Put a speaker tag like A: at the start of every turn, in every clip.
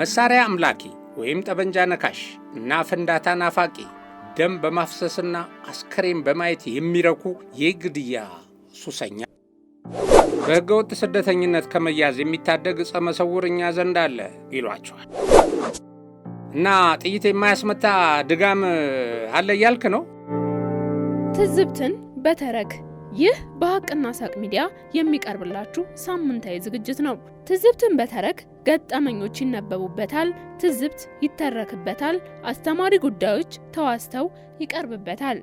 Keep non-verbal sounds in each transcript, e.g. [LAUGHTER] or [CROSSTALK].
A: መሳሪያ አምላኪ ወይም ጠበንጃ ነካሽ እና ፍንዳታ ናፋቂ፣ ደም በማፍሰስና አስከሬን በማየት የሚረኩ የግድያ ሱሰኛ። በህገወጥ ስደተኝነት ከመያዝ የሚታደግ እጸ መሰውር እኛ ዘንድ አለ ይሏቸዋል። እና ጥይት የማያስመታ ድጋም አለ እያልክ ነው?
B: ትዝብትን በተረክ ይህ በሀቅና ሳቅ ሚዲያ የሚቀርብላችሁ ሳምንታዊ ዝግጅት ነው። ትዝብትን በተረክ ገጠመኞች ይነበቡበታል፣ ትዝብት ይተረክበታል፣ አስተማሪ ጉዳዮች ተዋስተው ይቀርብበታል።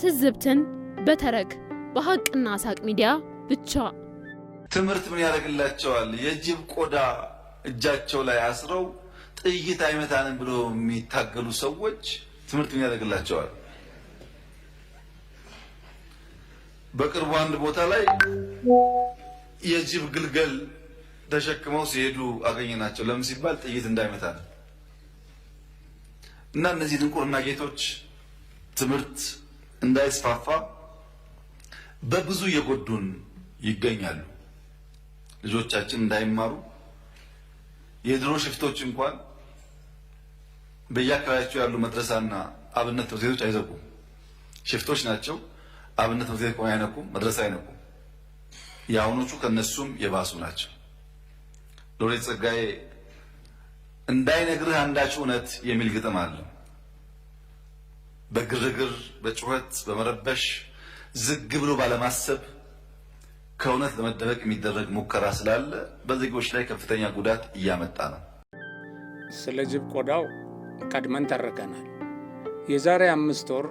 B: ትዝብትን በተረክ በሀቅና ሳቅ ሚዲያ ብቻ።
C: ትምህርት ምን ያደርግላቸዋል? የጅብ ቆዳ እጃቸው ላይ አስረው ጥይት አይመታንም ብሎ የሚታገሉ ሰዎች ትምህርት ምን ያደርግላቸዋል? በቅርቡ አንድ ቦታ ላይ የጅብ ግልገል ተሸክመው ሲሄዱ አገኘናቸው። ለምን ሲባል ጥይት እንዳይመታ ነው። እና እነዚህ ድንቁርና ጌቶች ትምህርት እንዳይስፋፋ በብዙ የጎዱን ይገኛሉ። ልጆቻችን እንዳይማሩ የድሮ ሽፍቶች እንኳን በየአካባቢያቸው ያሉ መድረሳና አብነት ትምህርት ቤቶች አይዘጉም። ሽፍቶች ናቸው። አብነት ትምህርት ቤት አይነቁም፣ መድረሳ አይነቁም። የአሁኖቹ ከነሱም የባሱ ናቸው። ሎሬት ጸጋዬ እንዳይነግርህ አንዳች እውነት የሚል ግጥም አለ። በግርግር በጩኸት በመረበሽ ዝግ ብሎ ባለማሰብ ከእውነት ለመደበቅ የሚደረግ ሙከራ ስላለ በዜጎች ላይ ከፍተኛ ጉዳት እያመጣ ነው።
D: ስለ ጅብ ቆዳው ቀድመን ተርከናል። የዛሬ አምስት ወር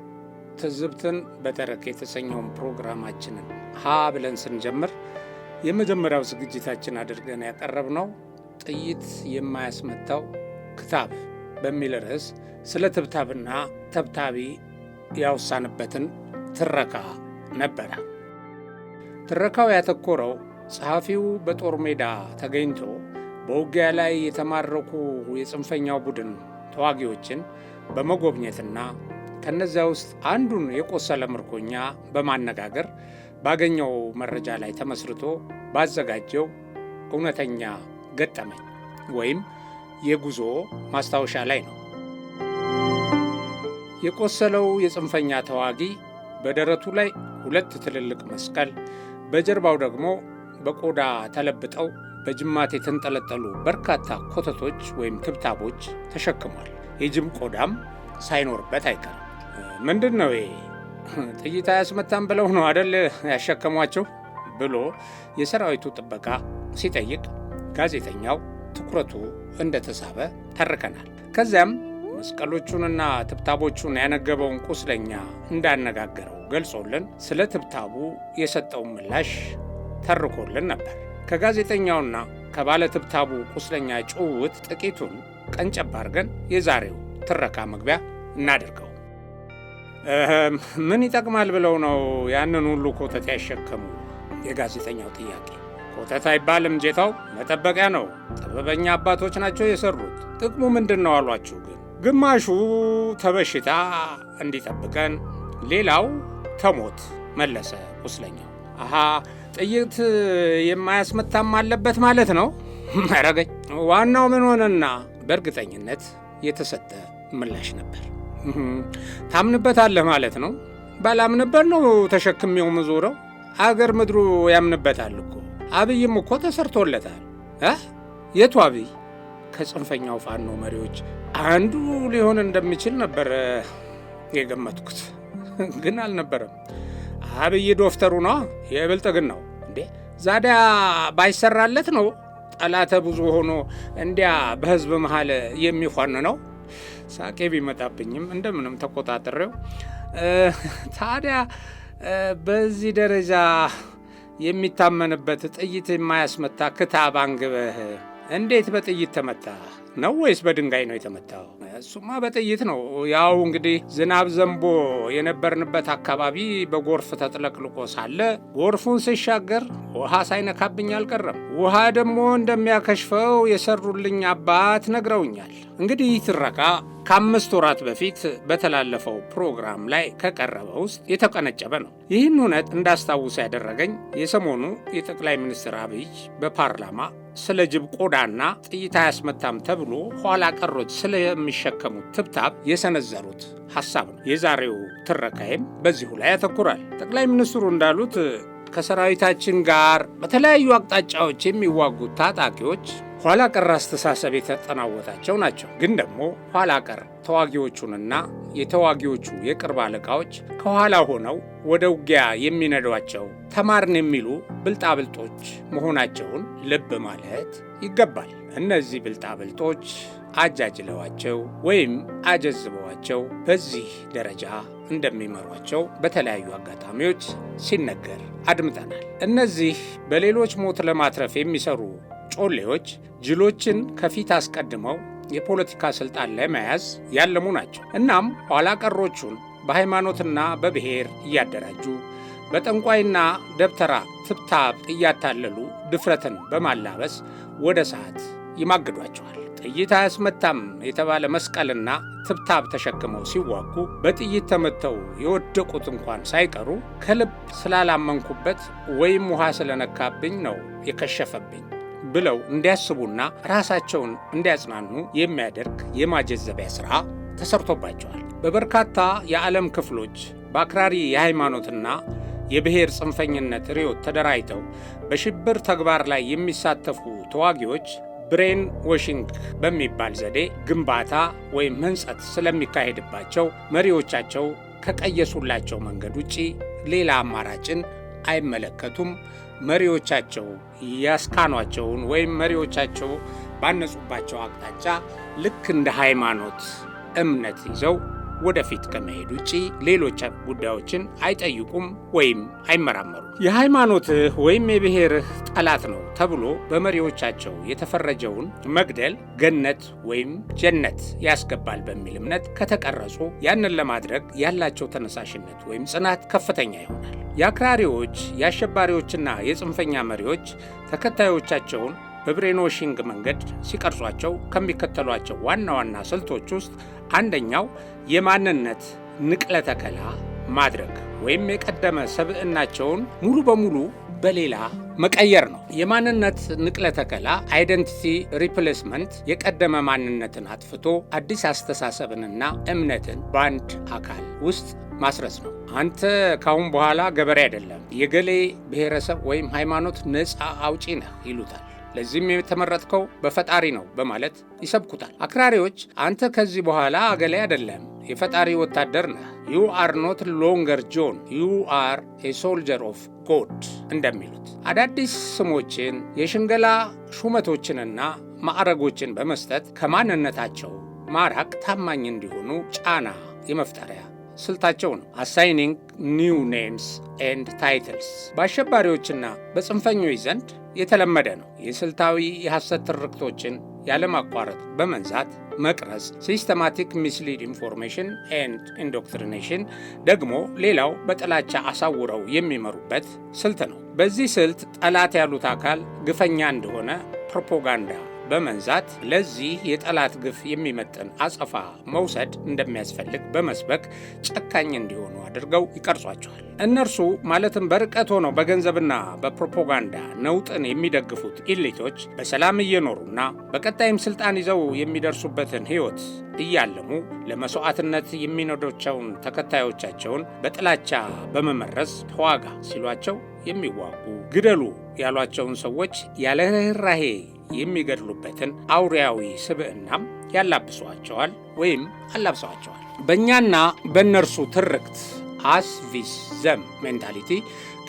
D: ትዝብትን በተረክ የተሰኘውን ፕሮግራማችንን ሀ ብለን ስንጀምር የመጀመሪያው ዝግጅታችን አድርገን ያቀረብነው ጥይት የማያስመታው ክታብ በሚል ርዕስ ስለ ትብታብና ተብታቢ ያወሳንበትን ትረካ ነበረ። ትረካው ያተኮረው ጸሐፊው በጦር ሜዳ ተገኝቶ በውጊያ ላይ የተማረኩ የጽንፈኛው ቡድን ተዋጊዎችን በመጎብኘትና ከነዚያ ውስጥ አንዱን የቆሰለ ምርኮኛ በማነጋገር ባገኘው መረጃ ላይ ተመስርቶ ባዘጋጀው እውነተኛ ገጠመኝ ወይም የጉዞ ማስታወሻ ላይ ነው። የቆሰለው የጽንፈኛ ተዋጊ በደረቱ ላይ ሁለት ትልልቅ መስቀል፣ በጀርባው ደግሞ በቆዳ ተለብጠው በጅማት የተንጠለጠሉ በርካታ ኮተቶች ወይም ክብታቦች ተሸክሟል። የጅም ቆዳም ሳይኖርበት አይቀርም። ምንድን ነው ይሄ? ጥይት አያስመታም ብለው ነው አደል ያሸከሟቸው ብሎ የሰራዊቱ ጥበቃ ሲጠይቅ ጋዜጠኛው ትኩረቱ እንደተሳበ ተርከናል። ከዚያም መስቀሎቹንና ትብታቦቹን ያነገበውን ቁስለኛ እንዳነጋገረው ገልጾልን ስለ ትብታቡ የሰጠውን ምላሽ ተርኮልን ነበር። ከጋዜጠኛውና ከባለ ትብታቡ ቁስለኛ ጭውውት ጥቂቱን ቀንጨብ አድርገን የዛሬው ትረካ መግቢያ እናደርገው። ምን ይጠቅማል ብለው ነው ያንን ሁሉ ኮተት ያሸከሙ? የጋዜጠኛው ጥያቄ ኮተት አይባልም ጌታው፣ መጠበቂያ ነው። ጥበበኛ አባቶች ናቸው የሰሩት። ጥቅሙ ምንድን ነው አሏችሁ? ግን ግማሹ ተበሽታ እንዲጠብቀን፣ ሌላው ተሞት መለሰ ቁስለኛው። አሃ ጥይት የማያስመታም አለበት ማለት ነው መረገኝ። ዋናው ምን ሆነና በእርግጠኝነት የተሰጠ ምላሽ ነበር። ታምንበታለህ ማለት ነው። ባላምንበት ነው ተሸክሜው ምዞረው። አገር ምድሩ ያምንበታል እኮ አብይም እኮ ተሰርቶለታል። የቱ አብይ? ከጽንፈኛው ፋኖ መሪዎች አንዱ ሊሆን እንደሚችል ነበር የገመትኩት፣ ግን አልነበረም። አብይ ዶፍተሩ ነው የብልጥግናው። እንዴ ዛዲያ ባይሰራለት ነው ጠላተ ብዙ ሆኖ እንዲያ በህዝብ መሃል የሚኳን ነው። ሳቄ ቢመጣብኝም እንደምንም ተቆጣጥሬው ታዲያ በዚህ ደረጃ የሚታመንበት ጥይት የማያስመታ ክታብ አንግበህ እንዴት በጥይት ተመታ ነው ወይስ በድንጋይ ነው የተመታው? እሱማ በጥይት ነው። ያው እንግዲህ ዝናብ ዘንቦ የነበርንበት አካባቢ በጎርፍ ተጥለቅልቆ ሳለ ጎርፉን ስሻገር ውሃ ሳይነካብኝ አልቀረም። ውሃ ደግሞ እንደሚያከሽፈው የሰሩልኝ አባት ነግረውኛል። እንግዲህ ትረቃ ከአምስት ወራት በፊት በተላለፈው ፕሮግራም ላይ ከቀረበ ውስጥ የተቀነጨበ ነው። ይህን እውነት እንዳስታውስ ያደረገኝ የሰሞኑ የጠቅላይ ሚኒስትር አብይ በፓርላማ ስለ ጅብ ቆዳና ጥይት አያስመታም ተብሎ ኋላ ቀሮች ስለሚሸከሙት ትብታብ የሰነዘሩት ሐሳብ ነው። የዛሬው ትረካይም በዚሁ ላይ ያተኩራል። ጠቅላይ ሚኒስትሩ እንዳሉት ከሰራዊታችን ጋር በተለያዩ አቅጣጫዎች የሚዋጉት ታጣቂዎች ኋላ ቀር አስተሳሰብ የተጠናወታቸው ናቸው። ግን ደግሞ ኋላ ቀር ተዋጊዎቹንና የተዋጊዎቹ የቅርብ አለቃዎች ከኋላ ሆነው ወደ ውጊያ የሚነዷቸው ተማርን የሚሉ ብልጣብልጦች መሆናቸውን ልብ ማለት ይገባል። እነዚህ ብልጣብልጦች አጃጅለዋቸው ወይም አጀዝበዋቸው በዚህ ደረጃ እንደሚመሯቸው በተለያዩ አጋጣሚዎች ሲነገር አድምጠናል። እነዚህ በሌሎች ሞት ለማትረፍ የሚሰሩ ጮሌዎች ጅሎችን ከፊት አስቀድመው የፖለቲካ ስልጣን ለመያዝ ያለሙ ናቸው። እናም ኋላ ቀሮቹን በሃይማኖትና በብሔር እያደራጁ በጠንቋይና ደብተራ ትብታብ እያታለሉ ድፍረትን በማላበስ ወደ ሰዓት ይማግዷቸዋል። ጥይት አያስመታም የተባለ መስቀልና ትብታብ ተሸክመው ሲዋጉ በጥይት ተመተው የወደቁት እንኳን ሳይቀሩ ከልብ ስላላመንኩበት ወይም ውሃ ስለነካብኝ ነው የከሸፈብኝ ብለው እንዲያስቡና ራሳቸውን እንዲያጽናኑ የሚያደርግ የማጀዘቢያ ሥራ ተሰርቶባቸዋል። በበርካታ የዓለም ክፍሎች በአክራሪ የሃይማኖትና የብሔር ጽንፈኝነት ርዕዮት ተደራጅተው በሽብር ተግባር ላይ የሚሳተፉ ተዋጊዎች ብሬን ወሽንግ በሚባል ዘዴ ግንባታ ወይም ሕንጸት ስለሚካሄድባቸው መሪዎቻቸው ከቀየሱላቸው መንገድ ውጪ ሌላ አማራጭን አይመለከቱም። መሪዎቻቸው ያስካኗቸውን ወይም መሪዎቻቸው ባነጹባቸው አቅጣጫ ልክ እንደ ሃይማኖት እምነት ይዘው ወደፊት ከመሄድ ውጪ ሌሎች ጉዳዮችን አይጠይቁም ወይም አይመራመሩም። የሃይማኖትህ ወይም የብሔርህ ጠላት ነው ተብሎ በመሪዎቻቸው የተፈረጀውን መግደል ገነት ወይም ጀነት ያስገባል በሚል እምነት ከተቀረጹ ያንን ለማድረግ ያላቸው ተነሳሽነት ወይም ጽናት ከፍተኛ ይሆናል። የአክራሪዎች የአሸባሪዎችና የጽንፈኛ መሪዎች ተከታዮቻቸውን በብሬኖሺንግ መንገድ ሲቀርጿቸው ከሚከተሏቸው ዋና ዋና ስልቶች ውስጥ አንደኛው የማንነት ንቅለ ተከላ ማድረግ ወይም የቀደመ ሰብዕናቸውን ሙሉ በሙሉ በሌላ መቀየር ነው። የማንነት ንቅለ ተከላ አይደንቲቲ ሪፕሌስመንት የቀደመ ማንነትን አጥፍቶ አዲስ አስተሳሰብንና እምነትን በአንድ አካል ውስጥ ማስረጽ ነው። አንተ ካሁን በኋላ ገበሬ አይደለም፣ የገሌ ብሔረሰብ ወይም ሃይማኖት ነፃ አውጪ ነህ ይሉታል። ለዚህም የተመረጥከው በፈጣሪ ነው በማለት ይሰብኩታል። አክራሪዎች አንተ ከዚህ በኋላ አገላይ አይደለም፣ የፈጣሪ ወታደር ነህ፣ ዩ አር ኖት ሎንገር ጆን ዩ አር ኤ ሶልጀር ኦፍ ጎድ እንደሚሉት አዳዲስ ስሞችን የሽንገላ ሹመቶችንና ማዕረጎችን በመስጠት ከማንነታቸው ማራቅ ታማኝ እንዲሆኑ ጫና የመፍጠሪያ ስልታቸው ነው። አሳይኒንግ ኒው ኔምስ ኤንድ ታይትልስ በአሸባሪዎችና በጽንፈኞች ዘንድ የተለመደ ነው። የስልታዊ የሐሰት ትርክቶችን ያለማቋረጥ በመንዛት መቅረጽ ሲስተማቲክ ሚስሊድ ኢንፎርሜሽን ኤንድ ኢንዶክትሪኔሽን ደግሞ ሌላው በጥላቻ አሳውረው የሚመሩበት ስልት ነው። በዚህ ስልት ጠላት ያሉት አካል ግፈኛ እንደሆነ ፕሮፓጋንዳ በመንዛት ለዚህ የጠላት ግፍ የሚመጥን አጸፋ መውሰድ እንደሚያስፈልግ በመስበክ ጨካኝ እንዲሆኑ አድርገው ይቀርጿቸዋል። እነርሱ ማለትም በርቀት ሆነው በገንዘብና በፕሮፓጋንዳ ነውጥን የሚደግፉት ኢሊቶች በሰላም እየኖሩና በቀጣይም ስልጣን ይዘው የሚደርሱበትን ሕይወት እያለሙ ለመሥዋዕትነት የሚነዶቸውን ተከታዮቻቸውን በጥላቻ በመመረዝ ተዋጋ ሲሏቸው የሚዋጉ ግደሉ ያሏቸውን ሰዎች ያለ ርኅራሄ የሚገድሉበትን አውሪያዊ ስብዕናም ያላብሷቸዋል ወይም አላብሰዋቸዋል። በእኛና በእነርሱ ትርክት አስቪስ ዘም ሜንታሊቲ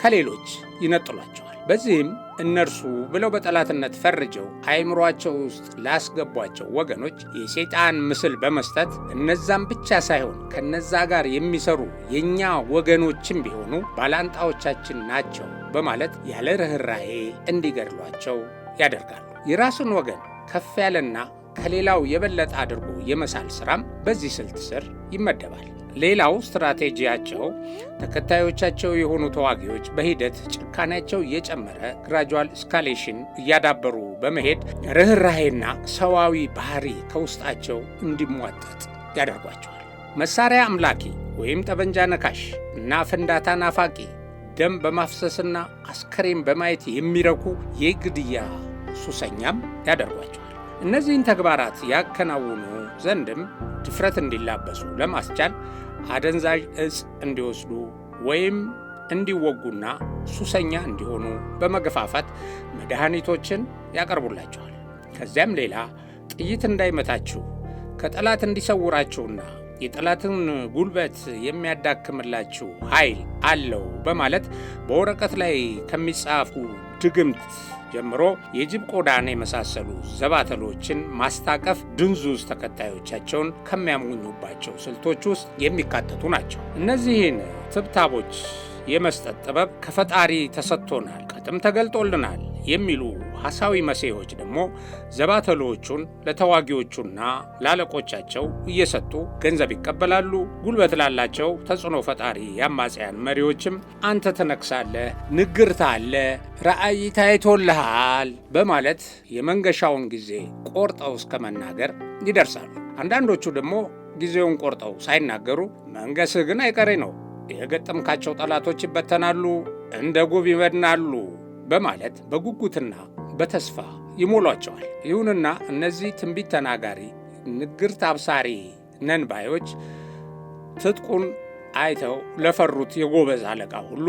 D: ከሌሎች ይነጥሏቸዋል። በዚህም እነርሱ ብለው በጠላትነት ፈርጀው አይምሯቸው ውስጥ ላስገቧቸው ወገኖች የሰይጣን ምስል በመስጠት እነዛም ብቻ ሳይሆን ከነዛ ጋር የሚሰሩ የእኛ ወገኖችም ቢሆኑ ባላንጣዎቻችን ናቸው በማለት ያለ ርኅራሄ እንዲገድሏቸው ያደርጋሉ። የራስን ወገን ከፍ ያለና ከሌላው የበለጠ አድርጎ የመሳል ስራም በዚህ ስልት ስር ይመደባል። ሌላው ስትራቴጂያቸው ተከታዮቻቸው የሆኑ ተዋጊዎች በሂደት ጭካኔያቸው እየጨመረ ግራጁዋል ስካሌሽን እያዳበሩ በመሄድ ርኅራሄና ሰዋዊ ባህሪ ከውስጣቸው እንዲሟጠጥ ያደርጓቸዋል።
A: መሳሪያ አምላኪ ወይም ጠበንጃ ነካሽ እና ፍንዳታ ናፋቂ፣ ደም በማፍሰስና አስከሬን በማየት የሚረኩ የግድያ ሱሰኛም ያደርጓቸዋል። እነዚህን ተግባራት ያከናውኑ ዘንድም ድፍረት እንዲላበሱ ለማስቻል አደንዛዥ እጽ እንዲወስዱ ወይም እንዲወጉና ሱሰኛ እንዲሆኑ በመገፋፋት መድኃኒቶችን ያቀርቡላቸዋል። ከዚያም ሌላ ጥይት እንዳይመታችሁ ከጠላት እንዲሰውራችሁና የጠላትን ጉልበት የሚያዳክምላችሁ ኃይል አለው በማለት በወረቀት ላይ ከሚጻፉ ድግምት ጀምሮ የጅብ ቆዳን የመሳሰሉ ዘባተሎችን ማስታቀፍ ድንዙዝ ተከታዮቻቸውን ከሚያገኙባቸው ስልቶች ውስጥ የሚካተቱ ናቸው። እነዚህን ትብታቦች የመስጠት ጥበብ ከፈጣሪ ተሰጥቶናል፣ ቅጥም ተገልጦልናል የሚሉ አሳዊ መሲሖች ደግሞ ዘባተሎዎቹን ለተዋጊዎቹና ለአለቆቻቸው እየሰጡ ገንዘብ ይቀበላሉ። ጉልበት ላላቸው ተጽዕኖ ፈጣሪ የአማጽያን መሪዎችም አንተ ትነግሳለህ፣ ንግርታ አለ፣ ራእይ ታይቶልሃል በማለት የመንገሻውን ጊዜ ቆርጠው እስከ መናገር ይደርሳሉ። አንዳንዶቹ ደግሞ ጊዜውን ቆርጠው ሳይናገሩ መንገስህ ግን አይቀሬ ነው፣ የገጠምካቸው ጠላቶች ይበተናሉ፣ እንደ ጉብ ይበድናሉ በማለት በጉጉትና በተስፋ ይሞሏቸዋል። ይሁንና እነዚህ ትንቢት ተናጋሪ ንግርት አብሳሪ ነንባዮች ትጥቁን አይተው ለፈሩት የጎበዝ አለቃ ሁሉ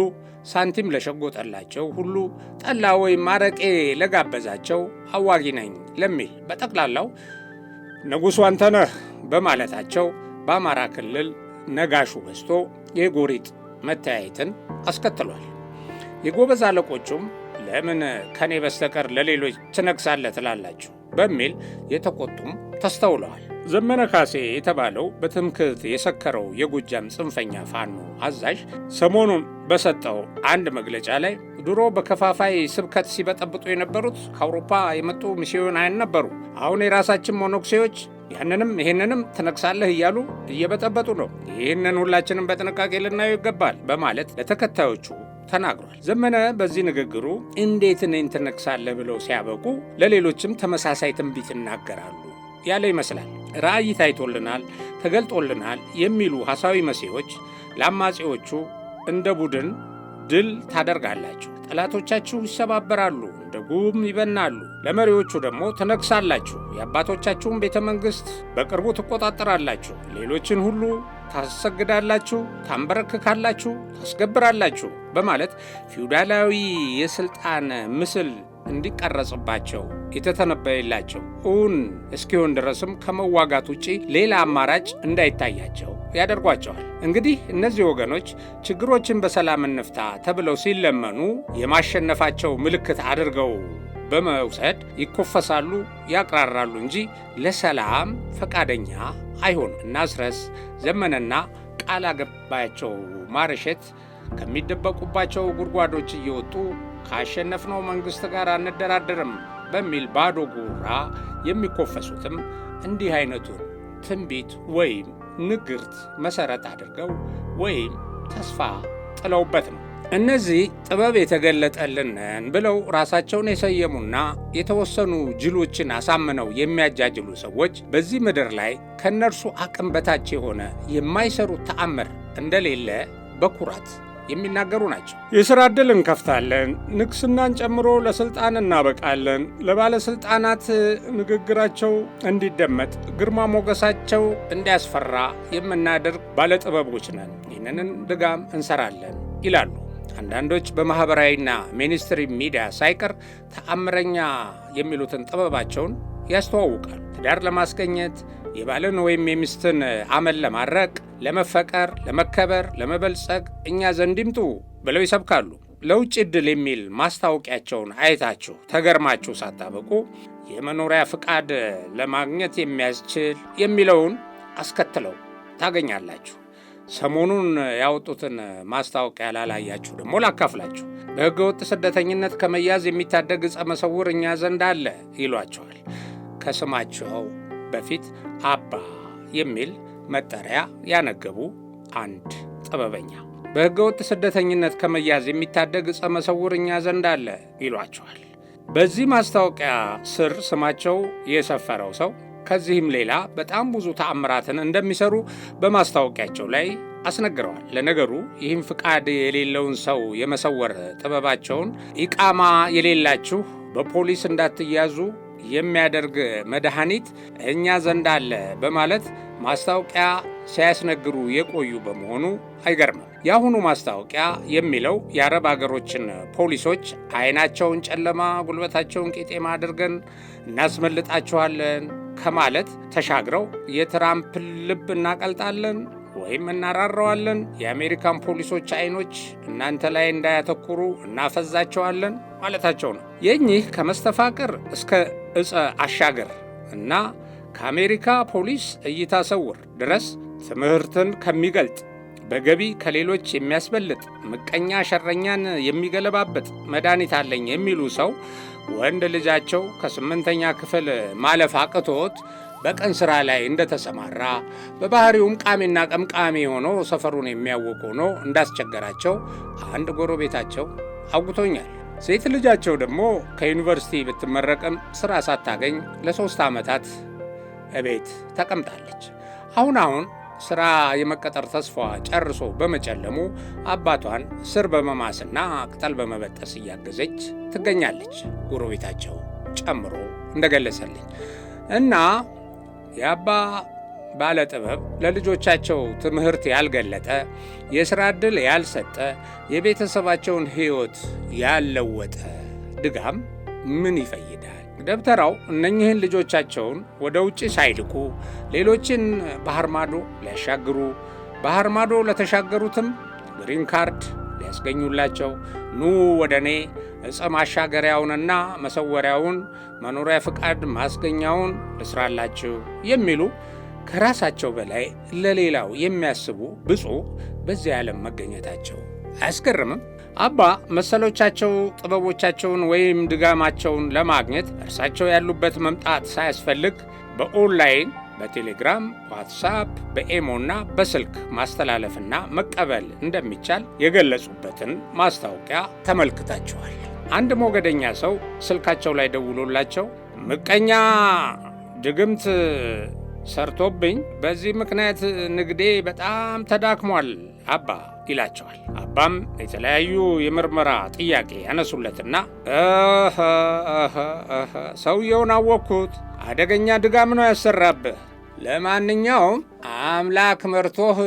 A: ሳንቲም ለሸጎጠላቸው ሁሉ ጠላ ወይም አረቄ ለጋበዛቸው አዋጊ ነኝ ለሚል በጠቅላላው ንጉሡ አንተ በማለታቸው በአማራ ክልል ነጋሹ በዝቶ የጎሪጥ መተያየትን አስከትሏል። የጎበዝ አለቆቹም ለምን ከኔ በስተቀር ለሌሎች ትነግሳለህ ትላላችሁ በሚል የተቆጡም ተስተውለዋል። ዘመነ ካሴ የተባለው በትምክህት የሰከረው የጎጃም ጽንፈኛ ፋኖ አዛዥ ሰሞኑን በሰጠው አንድ መግለጫ ላይ ድሮ በከፋፋይ ስብከት ሲበጠብጡ የነበሩት ከአውሮፓ የመጡ ሚስዮናውያን ነበሩ። አሁን የራሳችን ሞኖክሴዎች ያንንም ይህንንም ትነግሳለህ እያሉ እየበጠበጡ ነው። ይህንን ሁላችንም በጥንቃቄ ልናየው ይገባል በማለት ለተከታዮቹ ተናግሯል። ዘመነ በዚህ ንግግሩ እንዴት እኔን ትነቅሳለህ ብለው ሲያበቁ ለሌሎችም ተመሳሳይ ትንቢት ይናገራሉ ያለ ይመስላል። ራእይ ታይቶልናል፣ ተገልጦልናል የሚሉ ሐሳዊ መሴዎች ለአማጺዎቹ እንደ ቡድን ድል ታደርጋላችሁ፣ ጠላቶቻችሁ ይሰባበራሉ፣ እንደ ጉም ይበናሉ። ለመሪዎቹ ደግሞ ትነግሳላችሁ፣ የአባቶቻችሁን ቤተ መንግሥት በቅርቡ ትቆጣጠራላችሁ፣ ሌሎችን ሁሉ ታሰግዳላችሁ፣ ታንበረክካላችሁ፣ ታስገብራላችሁ በማለት ፊውዳላዊ የሥልጣን ምስል እንዲቀረጽባቸው የተተነበየላቸው እውን እስኪሆን ድረስም ከመዋጋት ውጪ ሌላ አማራጭ እንዳይታያቸው ያደርጓቸዋል። እንግዲህ እነዚህ ወገኖች ችግሮችን በሰላም እንፍታ ተብለው ሲለመኑ የማሸነፋቸው ምልክት አድርገው በመውሰድ ይኮፈሳሉ፣ ያቅራራሉ እንጂ ለሰላም ፈቃደኛ አይሆኑም። እናስረስ ዘመነና ቃል አገባያቸው ማረሸት ከሚደበቁባቸው ጉድጓዶች እየወጡ ካሸነፍነው መንግሥት ጋር አንደራደርም በሚል ባዶ ጉራ የሚኮፈሱትም እንዲህ አይነቱን ትንቢት ወይም ንግርት መሠረት አድርገው ወይም ተስፋ ጥለውበት ነው። እነዚህ ጥበብ የተገለጠልንን ብለው ራሳቸውን የሰየሙና የተወሰኑ ጅሎችን አሳምነው የሚያጃጅሉ ሰዎች በዚህ ምድር ላይ ከእነርሱ አቅም በታች የሆነ የማይሰሩት ተአምር እንደሌለ በኩራት የሚናገሩ ናቸው።
E: የሥራ ዕድል እንከፍታለን፣ ንግሥናን ጨምሮ ለሥልጣን እናበቃለን፣ ለባለሥልጣናት ንግግራቸው እንዲደመጥ፣ ግርማ ሞገሳቸው እንዲያስፈራ የምናደርግ ባለጥበቦች ነን፣ ይህንን ድጋም እንሰራለን ይላሉ። አንዳንዶች በማኅበራዊና ሚኒስትሪ ሚዲያ ሳይቀር ተአምረኛ የሚሉትን ጥበባቸውን ያስተዋውቃሉ። ትዳር ለማስገኘት የባልን ወይም የሚስትን አመል ለማድረቅ፣ ለመፈቀር፣ ለመከበር፣ ለመበልጸግ እኛ ዘንድ ይምጡ ብለው ይሰብካሉ። ለውጭ ዕድል የሚል ማስታወቂያቸውን አይታችሁ ተገርማችሁ ሳታበቁ የመኖሪያ ፍቃድ ለማግኘት የሚያስችል የሚለውን አስከትለው ታገኛላችሁ። ሰሞኑን ያወጡትን ማስታወቂያ ላላያችሁ ደግሞ ላካፍላችሁ። ወጥ ስደተኝነት ከመያዝ የሚታደግ ዕፀ መሰውር እኛ ዘንድ አለ ይሏቸዋል። ከስማቸው በፊት አባ የሚል መጠሪያ ያነገቡ አንድ ጥበበኛ ወጥ ስደተኝነት ከመያዝ የሚታደግ ዕፀ መሰውር እኛ ዘንድ አለ ይሏቸዋል። በዚህ ማስታወቂያ ስር ስማቸው የሰፈረው ሰው ከዚህም ሌላ በጣም ብዙ ተአምራትን እንደሚሰሩ በማስታወቂያቸው ላይ አስነግረዋል። ለነገሩ ይህም ፍቃድ የሌለውን ሰው የመሰወር ጥበባቸውን ኢቃማ የሌላችሁ በፖሊስ እንዳትያዙ የሚያደርግ መድኃኒት እኛ ዘንድ አለ በማለት ማስታወቂያ ሲያስነግሩ የቆዩ በመሆኑ አይገርምም። የአሁኑ ማስታወቂያ የሚለው የአረብ አገሮችን ፖሊሶች አይናቸውን ጨለማ፣ ጉልበታቸውን ቄጤማ አድርገን እናስመልጣችኋለን ከማለት ተሻግረው የትራምፕን ልብ እናቀልጣለን ወይም እናራረዋለን፣ የአሜሪካን ፖሊሶች አይኖች እናንተ ላይ እንዳያተኩሩ እናፈዛቸዋለን ማለታቸው ነው። የእኚህ ከመስተፋቅር እስከ እፀ አሻገር እና ከአሜሪካ ፖሊስ እይታ ሰውር ድረስ ትምህርትን ከሚገልጥ በገቢ ከሌሎች የሚያስበልጥ ምቀኛ ሸረኛን የሚገለባበጥ መድኃኒት አለኝ የሚሉ ሰው ወንድ ልጃቸው ከስምንተኛ ክፍል ማለፍ አቅቶት በቀን ሥራ ላይ እንደተሰማራ በባህሪውም ቃሚና ቀምቃሚ ሆኖ ሰፈሩን የሚያውቅ ሆኖ እንዳስቸገራቸው አንድ ጎረቤታቸው አውግቶኛል። ሴት ልጃቸው ደግሞ ከዩኒቨርሲቲ ብትመረቅም ሥራ ሳታገኝ ለሦስት ዓመታት እቤት ተቀምጣለች። አሁን አሁን ስራ የመቀጠር ተስፋዋ ጨርሶ በመጨለሙ አባቷን ስር በመማስና ቅጠል በመበጠስ እያገዘች ትገኛለች። ጎረቤታቸው ጨምሮ እንደገለጸልኝ እና የአባ ባለጥበብ ለልጆቻቸው ትምህርት ያልገለጠ የሥራ ዕድል ያልሰጠ የቤተሰባቸውን ሕይወት ያልለወጠ ድጋም ምን ይፈይዳል? ደብተራው እነኚህን ልጆቻቸውን ወደ ውጭ ሳይልኩ ሌሎችን ባህር ማዶ ሊያሻግሩ ባህር ማዶ ለተሻገሩትም ግሪን ካርድ ሊያስገኙላቸው ኑ ወደ እኔ እጸ ማሻገሪያውንና መሰወሪያውን መኖሪያ ፍቃድ ማስገኛውን ልስራላችሁ የሚሉ ከራሳቸው በላይ ለሌላው የሚያስቡ ብፁዕ በዚያ ዓለም መገኘታቸው አያስገርምም? አባ መሰሎቻቸው ጥበቦቻቸውን ወይም ድጋማቸውን ለማግኘት እርሳቸው ያሉበት መምጣት ሳያስፈልግ በኦንላይን በቴሌግራም፣ ዋትሳፕ፣ በኤሞና በስልክ ማስተላለፍና መቀበል እንደሚቻል የገለጹበትን ማስታወቂያ ተመልክታቸዋል። አንድ ሞገደኛ ሰው ስልካቸው ላይ ደውሎላቸው ምቀኛ ድግምት ሰርቶብኝ በዚህ ምክንያት ንግዴ በጣም ተዳክሟል አባ ይላቸዋል። አባም የተለያዩ የምርመራ ጥያቄ ያነሱለትና ሰውየውን አወቅኩት፣ አደገኛ ድጋም ነው ያሰራብህ። ለማንኛውም አምላክ መርቶህ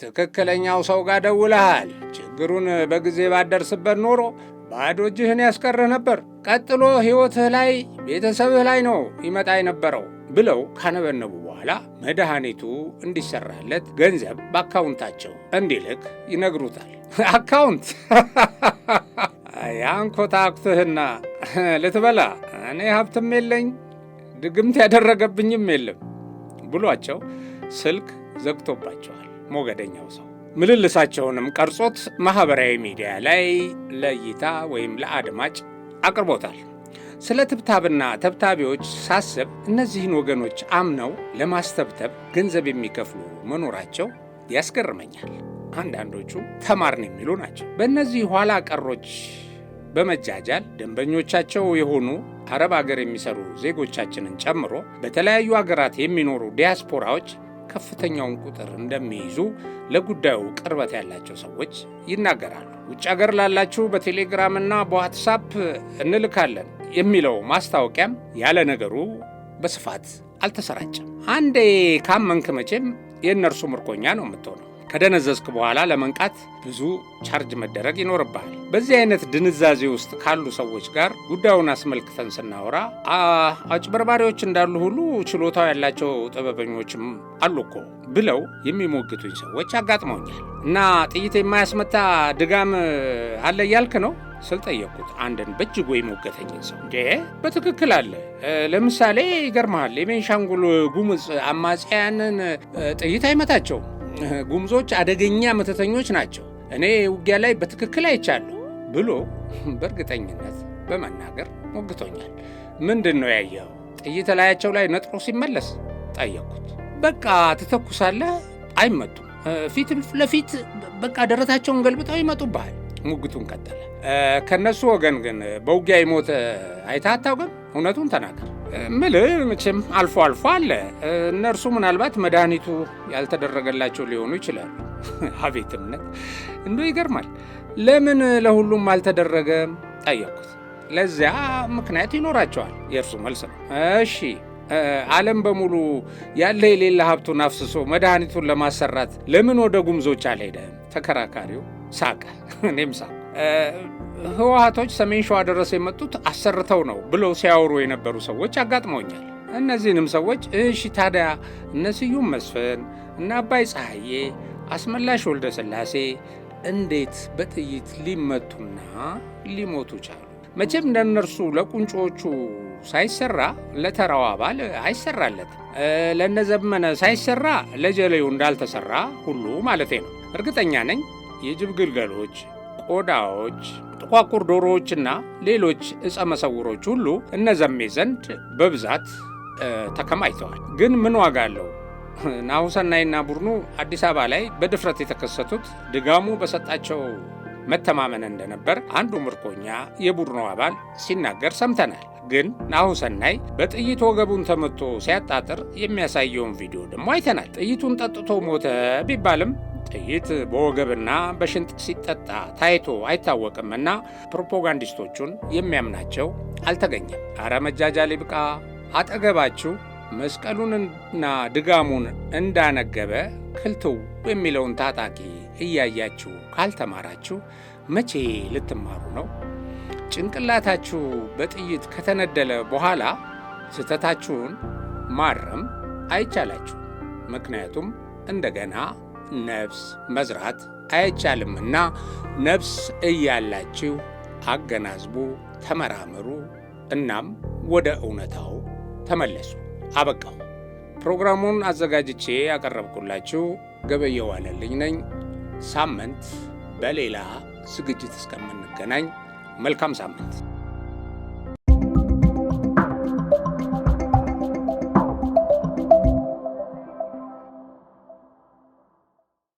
E: ትክክለኛው ሰው ጋር ደውለሃል። ችግሩን በጊዜ ባደርስበት ኖሮ ባዶ እጅህን ያስቀርህ ነበር። ቀጥሎ ሕይወትህ ላይ ቤተሰብህ ላይ ነው ይመጣ የነበረው። ብለው ካነበነቡ በኋላ መድኃኒቱ እንዲሰራለት ገንዘብ በአካውንታቸው እንዲልክ ይነግሩታል። [LAUGHS] አካውንት [LAUGHS] ያንኮታኩትህና [LAUGHS] ልትበላ እኔ ሀብትም የለኝ ድግምት ያደረገብኝም የለም ብሏቸው ስልክ ዘግቶባቸዋል። ሞገደኛው ሰው ምልልሳቸውንም ቀርጾት ማኅበራዊ ሚዲያ ላይ ለእይታ ወይም ለአድማጭ አቅርቦታል። ስለ ትብታብና ተብታቢዎች ሳስብ እነዚህን ወገኖች አምነው ለማስተብተብ ገንዘብ የሚከፍሉ መኖራቸው ያስገርመኛል። አንዳንዶቹ ተማርን የሚሉ ናቸው። በእነዚህ ኋላ ቀሮች በመጃጃል ደንበኞቻቸው የሆኑ አረብ አገር የሚሰሩ ዜጎቻችንን ጨምሮ በተለያዩ አገራት የሚኖሩ ዲያስፖራዎች ከፍተኛውን ቁጥር እንደሚይዙ ለጉዳዩ ቅርበት ያላቸው ሰዎች ይናገራሉ። ውጭ አገር ላላችሁ በቴሌግራምና በዋትሳፕ እንልካለን የሚለው ማስታወቂያም ያለ ነገሩ በስፋት አልተሰራጨም። አንዴ ካመንክ መቼም የእነርሱ ምርኮኛ ነው የምትሆነው። ከደነዘዝክ በኋላ ለመንቃት ብዙ ቻርጅ መደረግ ይኖርብሃል። በዚህ አይነት ድንዛዜ ውስጥ ካሉ ሰዎች ጋር ጉዳዩን አስመልክተን ስናወራ አጭበርባሪዎች እንዳሉ ሁሉ ችሎታው ያላቸው ጥበበኞችም አሉ እኮ ብለው የሚሞግቱኝ ሰዎች አጋጥመውኛል። እና ጥይት የማያስመታ ድጋም አለ እያልክ ነው ስል ጠየቅኩት። አንድን በእጅጉ የሞገተኝን ሰው እንዴ፣ በትክክል አለ። ለምሳሌ ይገርመሃል፣ የቤንሻንጉል ጉሙዝ አማጽያንን ጥይት አይመታቸውም ጉምዞች አደገኛ መተተኞች ናቸው፣ እኔ ውጊያ ላይ በትክክል አይቻለሁ ብሎ በእርግጠኝነት በመናገር ሞግቶኛል። ምንድን ነው ያየው? ጥይት ላያቸው ላይ ነጥሮ ሲመለስ ጠየቅኩት። በቃ ትተኩሳለህ፣ አይመጡም። ፊት ለፊት በቃ ደረታቸውን ገልብጠው ይመጡብሃል። ሙግቱን ቀጠለ። ከእነሱ ወገን ግን በውጊያ ይሞት አይተህ አታውቅም? እውነቱን ተናገር። ምልህ መቼም አልፎ አልፎ አለ። እነርሱ ምናልባት መድኃኒቱ ያልተደረገላቸው ሊሆኑ ይችላሉ። [LAUGHS] አቤት እምነት እንዶ ይገርማል። ለምን ለሁሉም አልተደረገም ጠየቅኩት። ለዚያ ምክንያት ይኖራቸዋል የእርሱ መልስ ነው። እሺ ዓለም በሙሉ ያለ የሌለ ሀብቱን አፍስሶ መድኃኒቱን ለማሰራት ለምን ወደ ጉምዞች አልሄደም? ተከራካሪው ሳቀ፣ [LAUGHS] እኔም ሳቀ። ህወሀቶች ሰሜን ሸዋ ድረስ የመጡት አሰርተው ነው ብለው ሲያወሩ የነበሩ ሰዎች አጋጥመውኛል። እነዚህንም ሰዎች እሺ ታዲያ እነ ስዩም መስፍን እና አባይ ፀሐዬ፣ አስመላሽ ወልደ ስላሴ እንዴት በጥይት ሊመቱና ሊሞቱ ቻሉ? መቼም እንደነርሱ ለቁንጮቹ ሳይሰራ ለተራው አባል አይሰራለት ለነዘመነ ሳይሰራ ለጀሌው እንዳልተሰራ ሁሉ ማለቴ ነው። እርግጠኛ ነኝ የጅብ ግልገሎች ቆዳዎች ጥቋቁር ዶሮዎችና ሌሎች እፀ መሰውሮች ሁሉ እነዘሜ ዘንድ በብዛት ተከማችተዋል። ግን ምን ዋጋ አለው? [LAUGHS] ናሁሰናይና ቡድኑ አዲስ አበባ ላይ በድፍረት የተከሰቱት ድጋሙ በሰጣቸው መተማመን እንደነበር አንዱ ምርኮኛ የቡድኑ አባል ሲናገር ሰምተናል። ግን ናሁሰናይ በጥይት ወገቡን ተመቶ ሲያጣጥር የሚያሳየውን ቪዲዮ ደግሞ አይተናል። ጥይቱን ጠጥቶ ሞተ ቢባልም ጥይት በወገብና በሽንጥ ሲጠጣ ታይቶ አይታወቅምና ፕሮፓጋንዲስቶቹን የሚያምናቸው አልተገኘም። አረ መጃጃል ይብቃ! አጠገባችሁ መስቀሉንና ድጋሙን እንዳነገበ ክልትው የሚለውን ታጣቂ እያያችሁ ካልተማራችሁ መቼ ልትማሩ ነው? ጭንቅላታችሁ በጥይት ከተነደለ በኋላ ስህተታችሁን ማረም አይቻላችሁ። ምክንያቱም እንደገና ነፍስ መዝራት አይቻልምና ነፍስ እያላችሁ አገናዝቡ፣ ተመራመሩ፣ እናም ወደ እውነታው ተመለሱ። አበቃው። ፕሮግራሙን አዘጋጅቼ ያቀረብኩላችሁ ገበየው አለልኝ ነኝ። ሳምንት በሌላ ዝግጅት እስከምንገናኝ መልካም ሳምንት